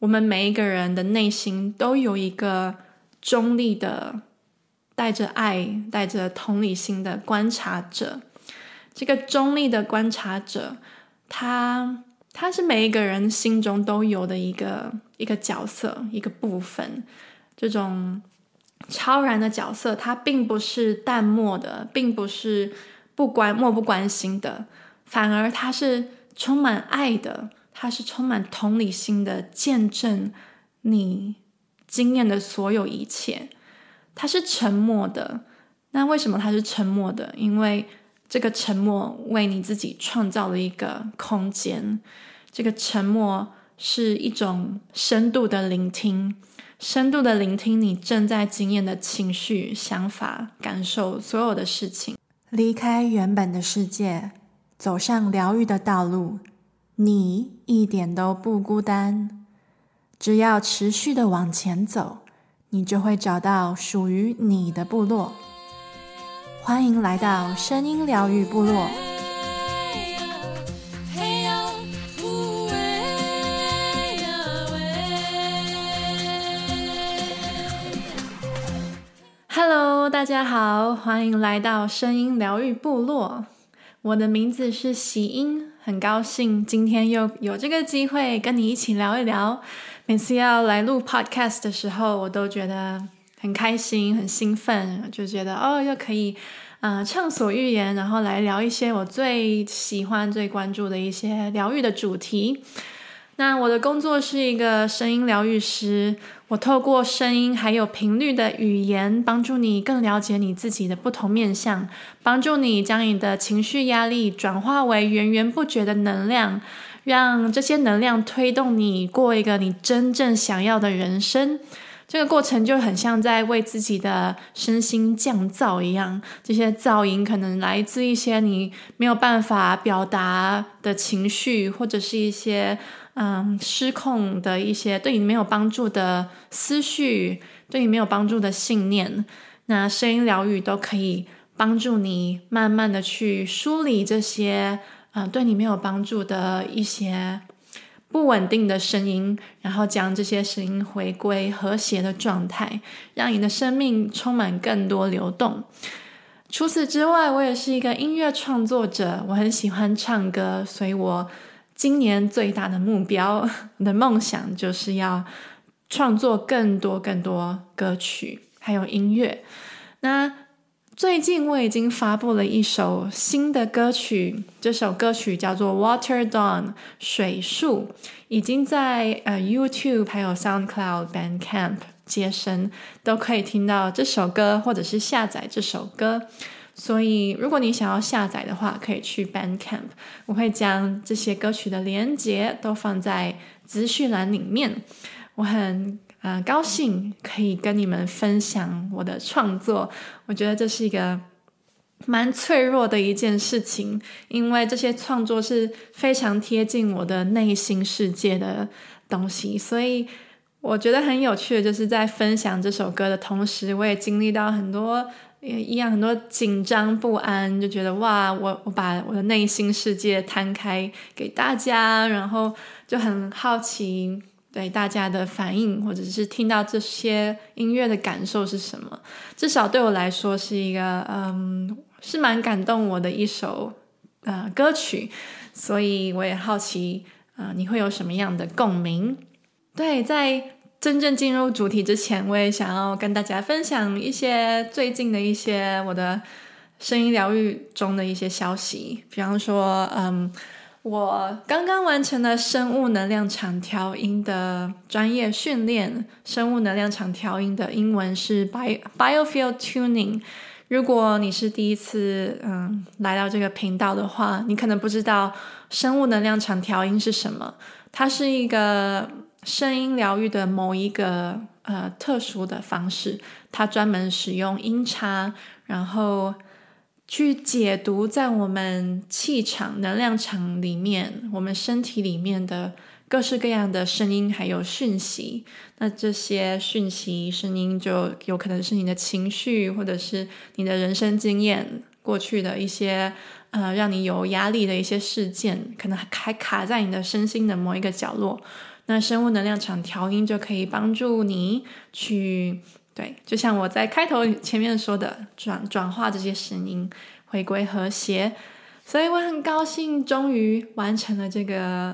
我們每一個人的內心都有一個中立的、帶着愛、帶着同理心的觀察者。這個中立的觀察者，他他是每一個人心中都有的一個一個角色、一個部分。這種超然的角色，他並不是淡漠的，並不是不關漠不關心的，反而他是充滿愛的。它是充滿同理心的見證，你經驗的所有一切。它是沉默的，那為什麼它是沉默的？因為這個沉默為你自己創造了一個空間。這個沉默是一種深度的聆聽，深度的聆聽你正在經驗的情緒、想法、感受所有的事情，離開原本的世界，走上療癒的道路。你一點都不孤單，只要持續的往前走，你就會找到屬於你的部落。歡迎來到聲音療癒部落。Hello，大家好，歡迎來到聲音療癒部落。我的名字是喜音。很高興今天又有這個機會跟你一起聊一聊。每次要來錄 podcast 的時候，我都覺得很開心、很興奮，就覺得哦，又可以，啊，暢所欲言，然後來聊一些我最喜歡、最關注的一些療癒的主題。那我的工作是一個聲音療癒師。我透過聲音還有頻率的語言，幫助你更了解你自己的不同面向，幫助你將你的情緒壓力轉化為源源不絕的能量，讓這些能量推動你過一個你真正想要的人生。這個過程就很像在為自己的身心降噪一樣，這些噪音可能來自一些你沒有辦法表達的情緒，或者是一些。嗯，失控的一些對你沒有幫助的思緒，對你沒有幫助的信念，那聲音療癒都可以幫助你慢慢的去梳理這些，啊、嗯，對你沒有幫助的一些不穩定的聲音，然後將這些聲音回歸和諧的狀態，讓你的生命充滿更多流動。除此之外，我也是一個音樂創作者，我很喜歡唱歌，所以我。今年最大的目標，的夢想就是要創作更多更多歌曲，還有音樂。那最近我已經發布了一首新的歌曲，這首歌曲叫做《Water Dawn 水》水曙，已經在呃 YouTube 還有 SoundCloud Band、Bandcamp 街聲都可以聽到這首歌，或者是下載這首歌。所以，如果你想要下載的話，可以去 Bandcamp。我會將這些歌曲的連接都放在資訊欄裡面。我很，呃，高興可以跟你們分享我的創作。我覺得這是一個蠻脆弱的一件事情，因為這些創作是非常貼近我的內心世界的東西。所以，我覺得很有趣的就是在分享這首歌的同時，我也經歷到很多。也一樣，很多緊張不安，就覺得哇，我我把我的內心世界攤開給大家，然後就很好奇對大家的反應，或者是聽到這些音樂的感受是什麼。至少對我來說是一個，嗯，是蠻感動我的一首，呃，歌曲，所以我也好奇，呃，你會有什麼樣的共鳴？對，在。真正進入主題之前，我也想要跟大家分享一些最近的一些我的聲音療癒中的一些消息。比方說，嗯，我剛剛完成了生物能量場調音的專業訓練。生物能量場調音的英文是 Bio Biofield Tuning。如果你是第一次嗯來到這個頻道的話，你可能不知道生物能量場調音是什麼。它是一個。聲音療癒的某一個呃特殊的方式，它專門使用音叉，然後去解讀在我們氣場、能量場裡面，我們身體裡面的各式各樣的聲音，還有訊息。那這些訊息、聲音，就有可能是你的情緒，或者是你的人生經驗，過去的一些呃讓你有壓力的一些事件，可能還卡在你的身心的某一個角落。那生物能量場調音就可以幫助你去，對，就像我在開頭前面說的，轉轉化這些聲音，回歸和諧。所以我很高興，終於完成了這個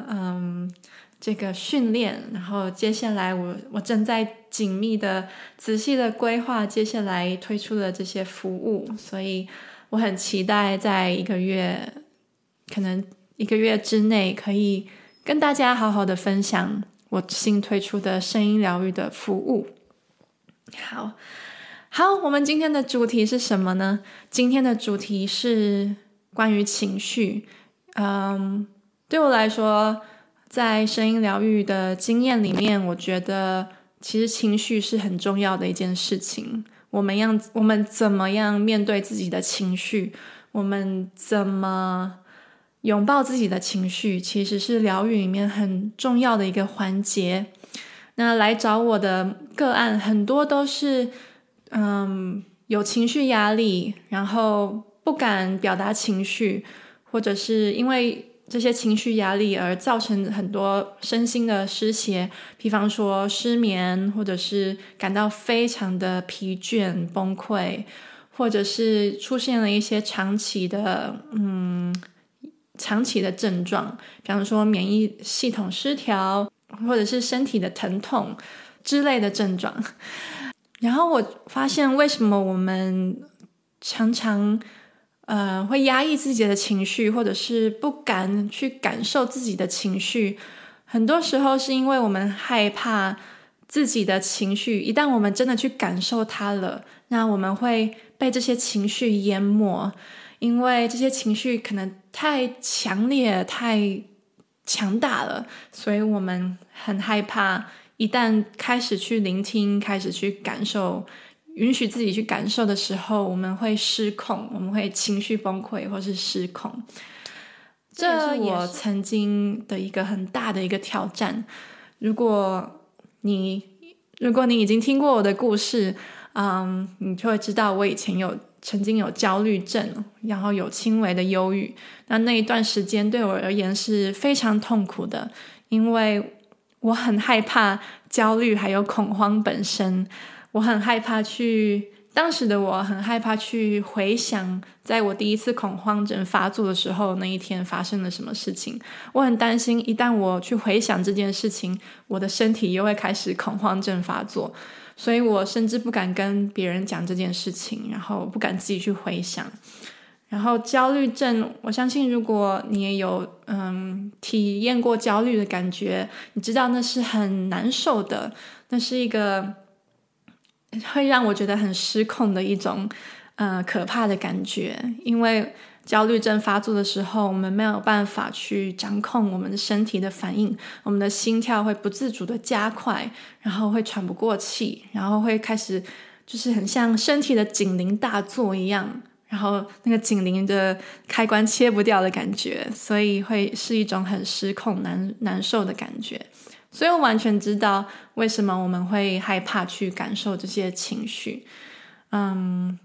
嗯這個訓練。然後接下來我我正在緊密的、仔細的規劃接下來推出的這些服務。所以我很期待，在一個月可能一個月之內可以。跟大家好好的分享我新推出的聲音療癒的服務。好好，我們今天的主題是什麼呢？今天的主題是關於情緒。嗯，對我來說，在聲音療癒的經驗裡面，我覺得其實情緒是很重要的一件事情。我們要，我們怎麼樣面對自己的情緒？我們怎麼？擁抱自己的情緒，其實是療癒裡面很重要的一個環節。那來找我的個案，很多都是，嗯，有情緒壓力，然後不敢表達情緒，或者是因為這些情緒壓力而造成很多身心的失協，比方說失眠，或者是感到非常的疲倦、崩潰，或者是出現了一些長期的，嗯。長期的症狀，比方說免疫系統失調，或者是身體的疼痛之類的症狀。然後我發現，為什麼我們常常呃會壓抑自己的情緒，或者是不敢去感受自己的情緒？很多時候是因為我們害怕自己的情緒。一旦我們真的去感受它了，那我們會被這些情緒淹沒，因為這些情緒可能。太強烈、太強大了，所以我們很害怕。一旦開始去聆聽、開始去感受、允許自己去感受的時候，我們會失控，我們會情緒崩潰或是失控。這是我曾經的一個很大的一個挑戰。是如果你如果你已經聽過我的故事，嗯，你就會知道我以前有。曾經有焦慮症，然後有輕微的憂鬱。那那一段時間對我而言是非常痛苦的，因為我很害怕焦慮，還有恐慌本身。我很害怕去，當時的我很害怕去回想，在我第一次恐慌症發作的時候，那一天發生了什麼事情。我很擔心，一旦我去回想這件事情，我的身體又會開始恐慌症發作。所以我甚至不敢跟別人講這件事情，然後不敢自己去回想，然後焦慮症，我相信如果你也有嗯體驗過焦慮的感覺，你知道那是很難受的，那是一個會讓我覺得很失控的一種，呃、嗯、可怕的感覺，因為。焦慮症發作的時候，我們沒有辦法去掌控我們的身體的反應，我們的心跳會不自主地加快，然後會喘不過氣，然後會開始就是很像身體的警鈴大作一樣，然後那個警鈴的開關切不掉的感覺，所以會是一種很失控、難難受的感覺。所以我完全知道為什麼我們會害怕去感受這些情緒。嗯。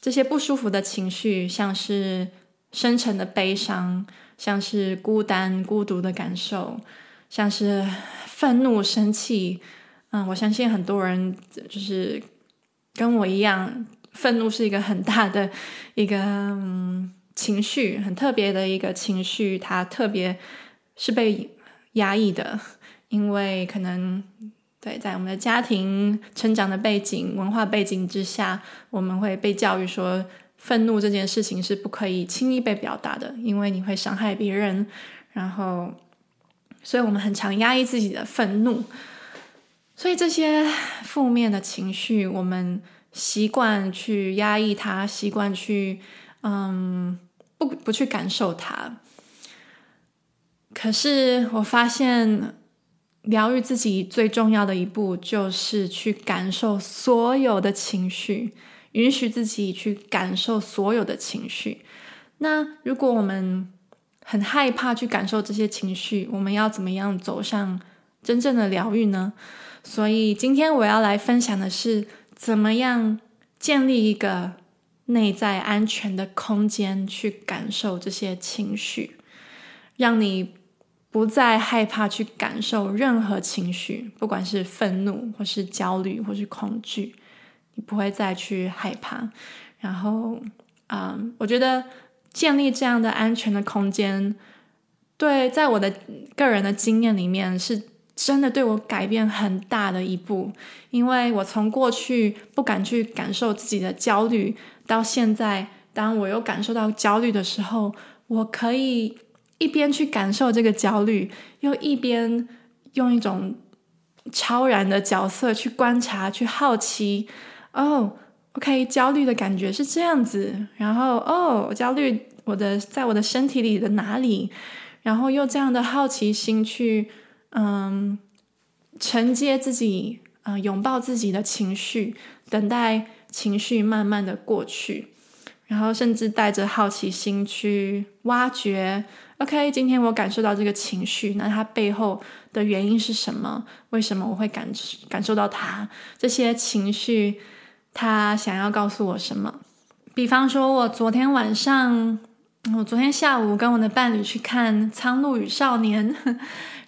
這些不舒服的情緒，像是深沉的悲傷，像是孤單、孤獨的感受，像是憤怒、生氣。嗯，我相信很多人就是跟我一樣，憤怒是一個很大的一個、嗯、情緒，很特別的一個情緒，它特別是被壓抑的，因為可能。對，在我們的家庭成長的背景、文化背景之下，我們會被教育說，憤怒這件事情是不可以輕易被表達的，因為你會傷害別人。然後，所以我們很常壓抑自己的憤怒，所以這些負面的情緒，我們習慣去壓抑它，習慣去嗯，不不去感受它。可是我發現。療癒自己最重要的一步就是去感受所有的情緒，允許自己去感受所有的情緒。那如果我們很害怕去感受這些情緒，我們要怎麼樣走上真正的療癒呢？所以今天我要來分享的是，怎麼樣建立一個內在安全的空間，去感受這些情緒，讓你。不再害怕去感受任何情緒，不管是憤怒，或是焦慮，或是恐懼，你不會再去害怕。然後，嗯，我覺得建立這樣的安全的空間，對，在我的個人的經驗裡面，是真的對我改變很大的一步。因為我從過去不敢去感受自己的焦慮，到現在，當我有感受到焦慮的時候，我可以。一邊去感受這個焦慮，又一邊用一種超然的角色去觀察、去好奇。哦，OK，焦慮的感覺是這樣子。然後，哦，我焦慮我的在我的身體裡的哪裡？然後用這樣的好奇心去，嗯，承接自己，嗯、呃，擁抱自己的情緒，等待情緒慢慢的過去。然後，甚至帶着好奇心去挖掘。OK，今天我感受到這個情緒，那它背後的原因是什麼？為什麼我會感感受到它？這些情緒，它想要告訴我什麼？比方說，我昨天晚上，我昨天下午跟我的伴侶去看《蒼鷺與少年》，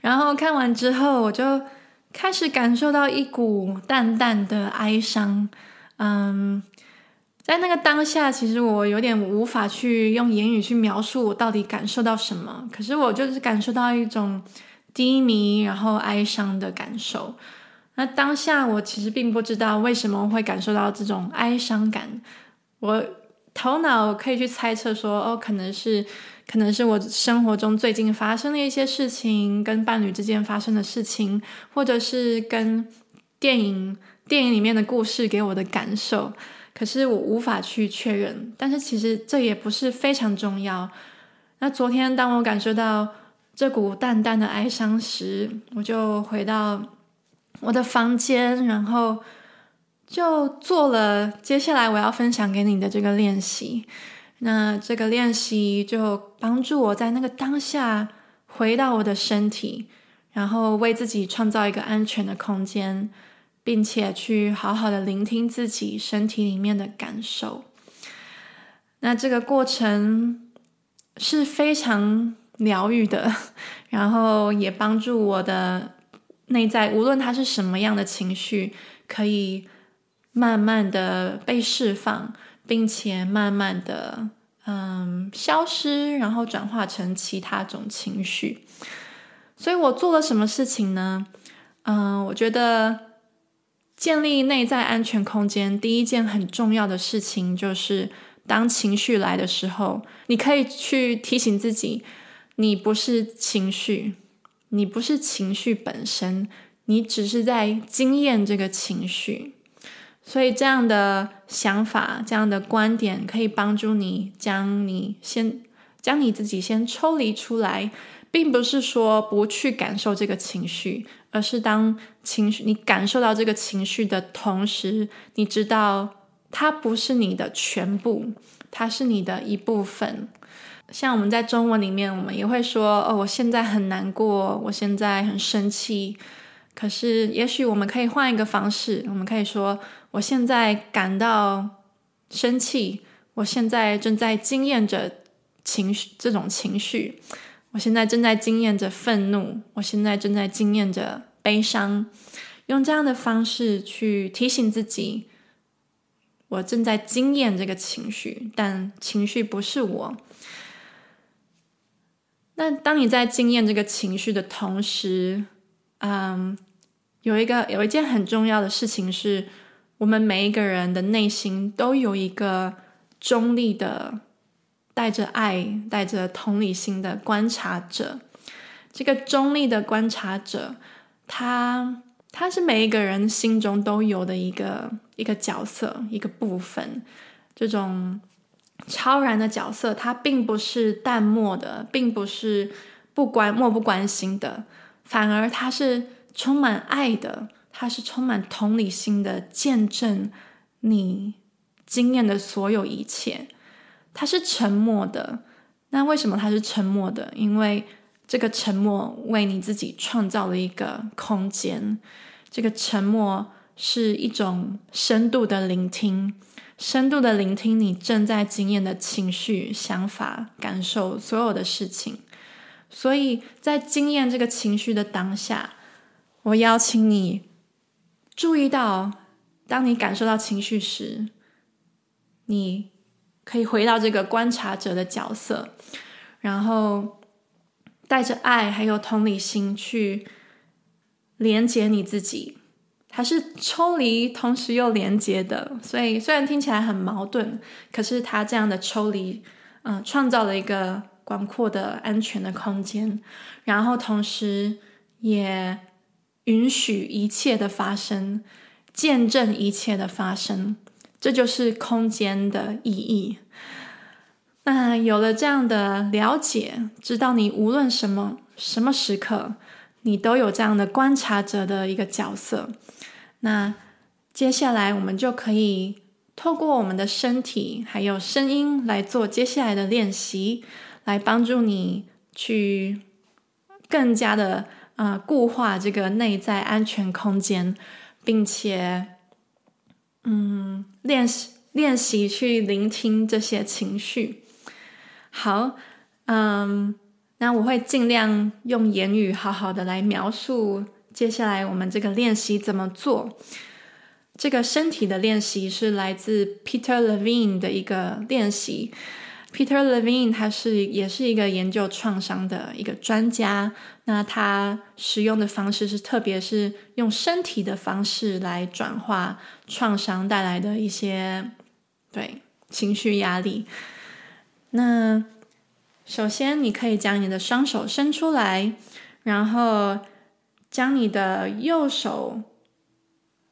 然後看完之後，我就開始感受到一股淡淡的哀傷。嗯。在那個當下，其實我有點無法去用言語去描述我到底感受到什麼。可是我就是感受到一種低迷，然後哀傷的感受。那當下我其實並不知道為什麼會感受到這種哀傷感。我頭腦可以去猜測說，哦，可能是，可能是我生活中最近發生的一些事情，跟伴侶之間發生的事情，或者是跟電影、電影裡面的故事給我的感受。可是我無法去確認，但是其實這也不是非常重要。那昨天當我感受到這股淡淡的哀傷時，我就回到我的房間，然後就做了接下來我要分享給你的這個練習。那這個練習就幫助我在那個當下回到我的身體，然後為自己創造一個安全的空間。並且去好好的聆聽自己身體裡面的感受，那這個過程是非常療癒的，然後也幫助我的內在，無論它是什麼樣的情緒，可以慢慢的被釋放，並且慢慢的，嗯，消失，然後轉化成其他種情緒。所以我做了什麼事情呢？嗯，我覺得。建立內在安全空間，第一件很重要的事情就是，當情緒來的時候，你可以去提醒自己，你不是情緒，你不是情緒本身，你只是在經驗這個情緒。所以這樣的想法、這樣的觀點可以幫助你將你先，將你自己先抽離出來。並不是說不去感受這個情緒，而是當情緒你感受到這個情緒的同時，你知道它不是你的全部，它是你的一部分。像我們在中文裡面，我們也會說：“哦，我現在很難過，我現在很生氣。”可是，也許我們可以換一個方式，我們可以說：“我現在感到生氣，我現在正在經驗着情緒，這種情緒。”我現在正在經驗着憤怒，我現在正在經驗着悲傷，用這樣的方式去提醒自己，我正在經驗這個情緒，但情緒不是我。那當你在經驗這個情緒的同時，嗯，有一個有一件很重要的事情是，我們每一個人的內心都有一個中立的。帶着愛、帶着同理心的觀察者，這個中立的觀察者，他他是每一個人心中都有的一個一個角色，一個部分。這種超然的角色，他並不是淡漠的，並不是不關，漠不關心的，反而他是充滿愛的，他是充滿同理心的，見證你經驗的所有一切。他是沉默的，那為什麼他是沉默的？因為這個沉默為你自己創造了一個空間，這個沉默是一種深度的聆聽，深度的聆聽你正在經驗的情緒、想法、感受所有的事情。所以在經驗這個情緒的當下，我邀請你注意到，當你感受到情緒時，你可以回到這個觀察者的角色，然後帶着愛還有同理心去連接你自己，它是抽離同時又連接的，所以雖然聽起來很矛盾，可是它這樣的抽離，嗯、呃，創造了一個廣闊的安全的空間，然後同時也允許一切的發生，見證一切的發生。這就是空間的意義。那有了這樣的了解，知道你無論什麼什麼時刻，你都有這樣的觀察者的一個角色。那接下來我們就可以透過我們的身體還有聲音來做接下來的練習，來幫助你去更加的啊、呃、固化這個內在安全空間，並且。嗯，練習練習去聆聽這些情緒。好，嗯，那我會盡量用言語好好的來描述，接下來我們這個練習怎麼做。這個身體的練習是來自 Peter Levine 的一個練習。Peter Levine，他是也是一個研究創傷的一個專家。那他使用的方式是，特別是用身體的方式來轉化創傷帶來的一些，對，情緒壓力。那首先，你可以將你的雙手伸出來，然後將你的右手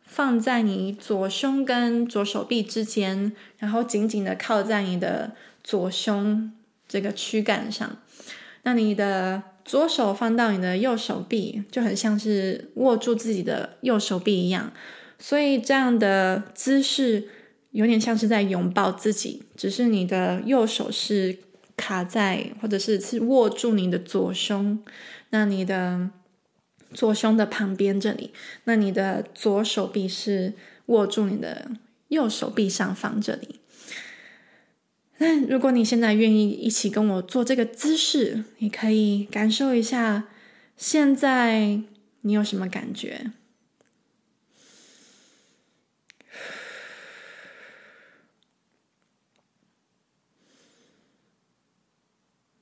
放在你左胸跟左手臂之間，然後緊緊的靠在你的。左胸這個軀幹上，那你的左手放到你的右手臂，就很像是握住自己的右手臂一樣。所以這樣的姿勢有點像是在擁抱自己，只是你的右手是卡在，或者是是握住你的左胸，那你的左胸的旁邊這裡，那你的左手臂是握住你的右手臂上方這裡。那如果你現在願意一起跟我做這個姿勢，你可以感受一下，現在你有什麼感覺？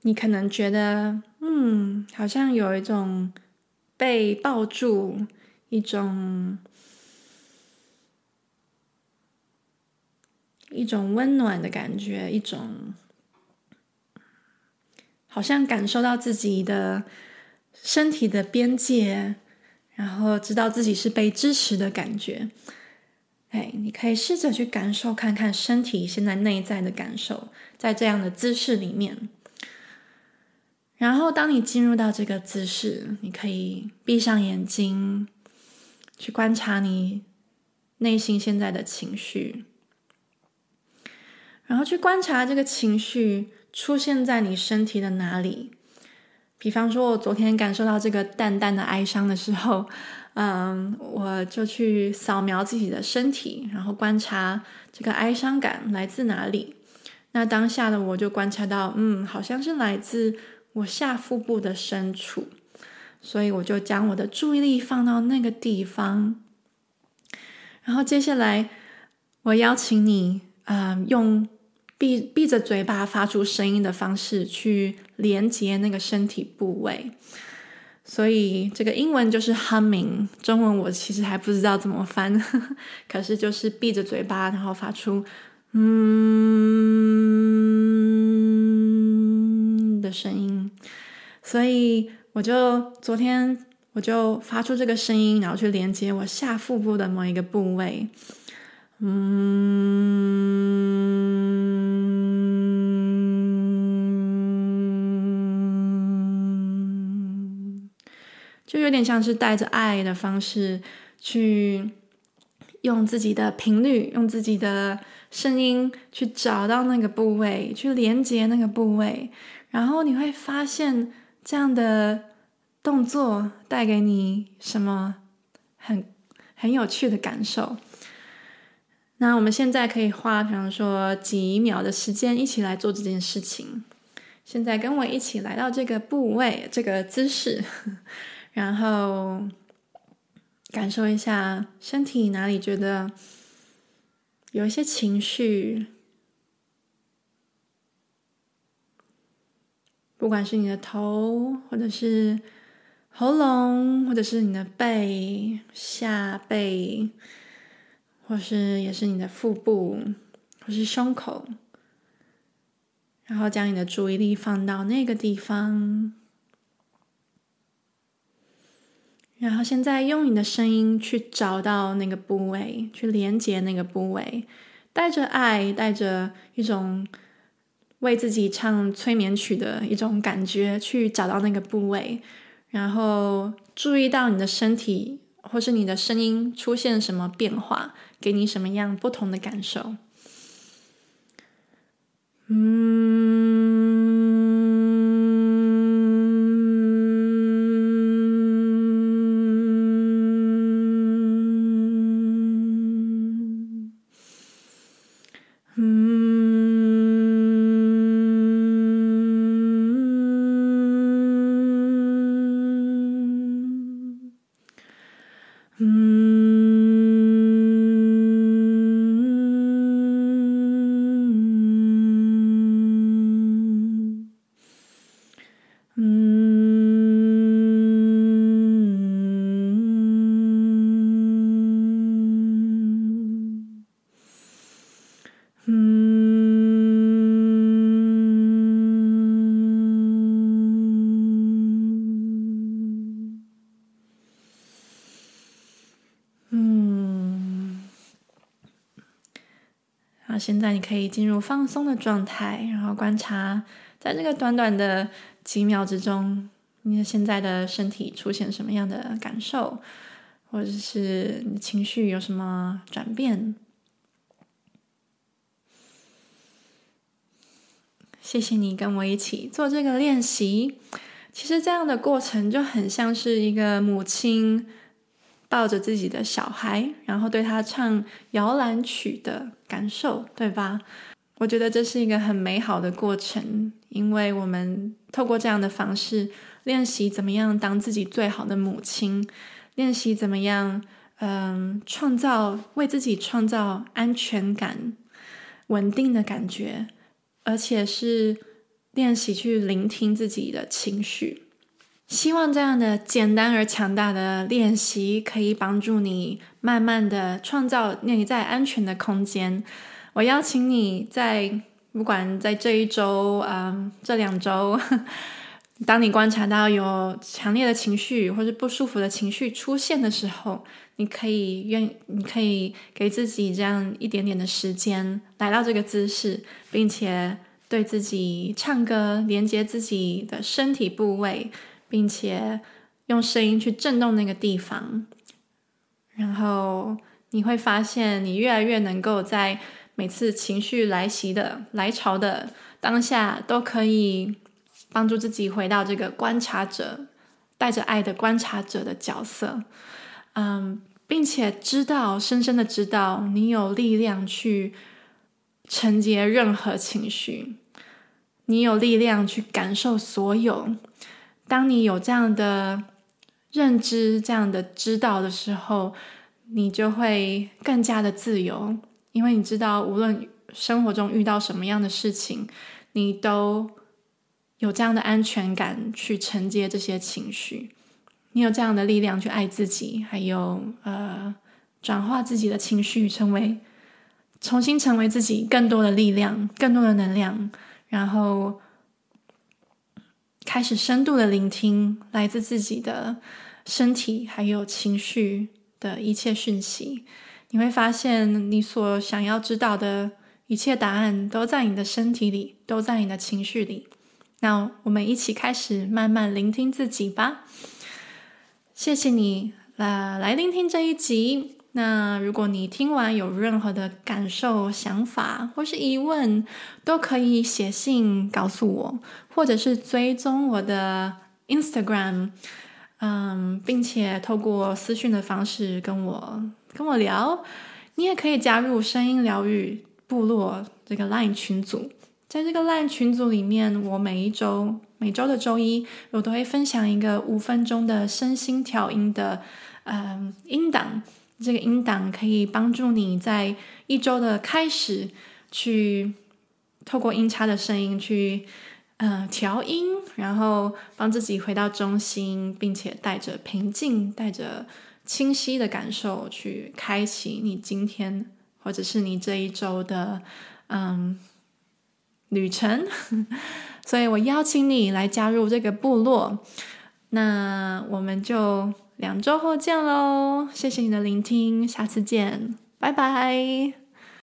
你可能覺得，嗯，好像有一種被抱住，一種。一種溫暖的感覺，一種好像感受到自己的身體的邊界，然後知道自己是被支持的感覺。哎，你可以試着去感受，看看身體現在內在的感受，在這樣的姿勢裡面。然後當你進入到這個姿勢，你可以閉上眼睛，去觀察你內心現在的情緒。然後去觀察這個情緒出現在你身體的哪裡，比方說，我昨天感受到這個淡淡的哀傷的時候，嗯，我就去掃描自己的身體，然後觀察這個哀傷感來自哪裡。那當下的我就觀察到，嗯，好像是來自我下腹部的深處，所以我就將我的注意力放到那個地方。然後接下來，我邀請你，嗯，用。閉閉着嘴巴發出聲音的方式去連接那個身體部位，所以這個英文就是 humming，中文我其實還不知道怎麼翻，呵呵，可是就是閉着嘴巴，然後發出嗯的聲音，所以我就昨天我就發出這個聲音，然後去連接我下腹部的某一個部位，嗯。就有點像是帶着愛的方式去用自己的頻率、用自己的聲音去找到那個部位，去連接那個部位，然後你會發現這樣的動作帶給你什麼很很有趣的感受。那我們現在可以花，比方說幾秒的時間一起來做這件事情。現在跟我一起來到這個部位，這個姿勢。然後感受一下身體哪裡覺得有一些情緒，不管是你的頭，或者是喉嚨，或者是你的背，下背，或是也是你的腹部，或是胸口，然後將你的注意力放到那個地方。然後現在用你的聲音去找到那個部位，去連接那個部位，帶着愛，帶着一種為自己唱催眠曲的一種感覺去找到那個部位，然後注意到你的身體或是你的聲音出現什麼變化，給你什麼樣不同的感受。嗯。嗯嗯，啊現在你可以進入放鬆的狀態，然後觀察，在這個短短的幾秒之中，你的現在的身體出現什麼樣的感受，或者是你情緒有什麼轉變。謝謝你跟我一起做這個練習。其實這樣的過程就很像是一個母親抱着自己的小孩，然後對他唱搖籃曲的感受，對吧？我覺得這是一個很美好的過程，因為我們透過這樣的方式練習怎麼樣當自己最好的母親，練習怎麼樣，嗯、呃，創造，為自己創造安全感、穩定的感覺。而且是練習去聆聽自己的情緒，希望這樣的簡單而強大的練習可以幫助你慢慢的創造內在安全的空間。我邀請你在不管在這一周，啊、嗯，這兩週。 當你觀察到有強烈的情緒或者不舒服的情緒出現的時候，你可以願，你可以給自己這樣一點點的時間，來到這個姿勢，並且對自己唱歌，連接自己的身體部位，並且用聲音去震動那個地方，然後你會發現，你越來越能夠在每次情緒來襲的來潮的當下都可以。幫助自己回到這個觀察者，帶着愛的觀察者的角色，嗯，並且知道，深深的知道，你有力量去承接任何情緒，你有力量去感受所有。當你有這樣的認知、這樣的知道的時候，你就會更加的自由，因為你知道，無論生活中遇到什麼樣的事情，你都有這樣的安全感去承接這些情緒，你有這樣的力量去愛自己，還有呃轉化自己的情緒，成為重新成為自己更多的力量、更多的能量，然後開始深度的聆聽來自自己的身體還有情緒的一切訊息。你會發現，你所想要知道的一切答案都在你的身體裡，都在你的情緒裡。那我們一起開始慢慢聆聽自己吧。謝謝你啊，呃，來聆聽這一集。那如果你聽完有任何的感受、想法或是疑問，都可以寫信告訴我，或者是追蹤我的 Instagram，嗯，並且透過私訊的方式跟我跟我聊。你也可以加入聲音療癒部落這個 Line 群組。在這個 Line 群組裡面，我每一周每周的周一，我都會分享一個五分鐘的身心調音的，嗯，音檔。這個音檔可以幫助你在一周的開始去，去透過音叉的聲音去，嗯，調音，然後幫自己回到中心，並且帶着平靜、帶着清晰的感受去開啟你今天，或者是你這一周的，嗯。旅程，所以我邀請你來加入這個部落。那我們就兩周後見嘍！謝謝你的聆聽，下次見，拜拜。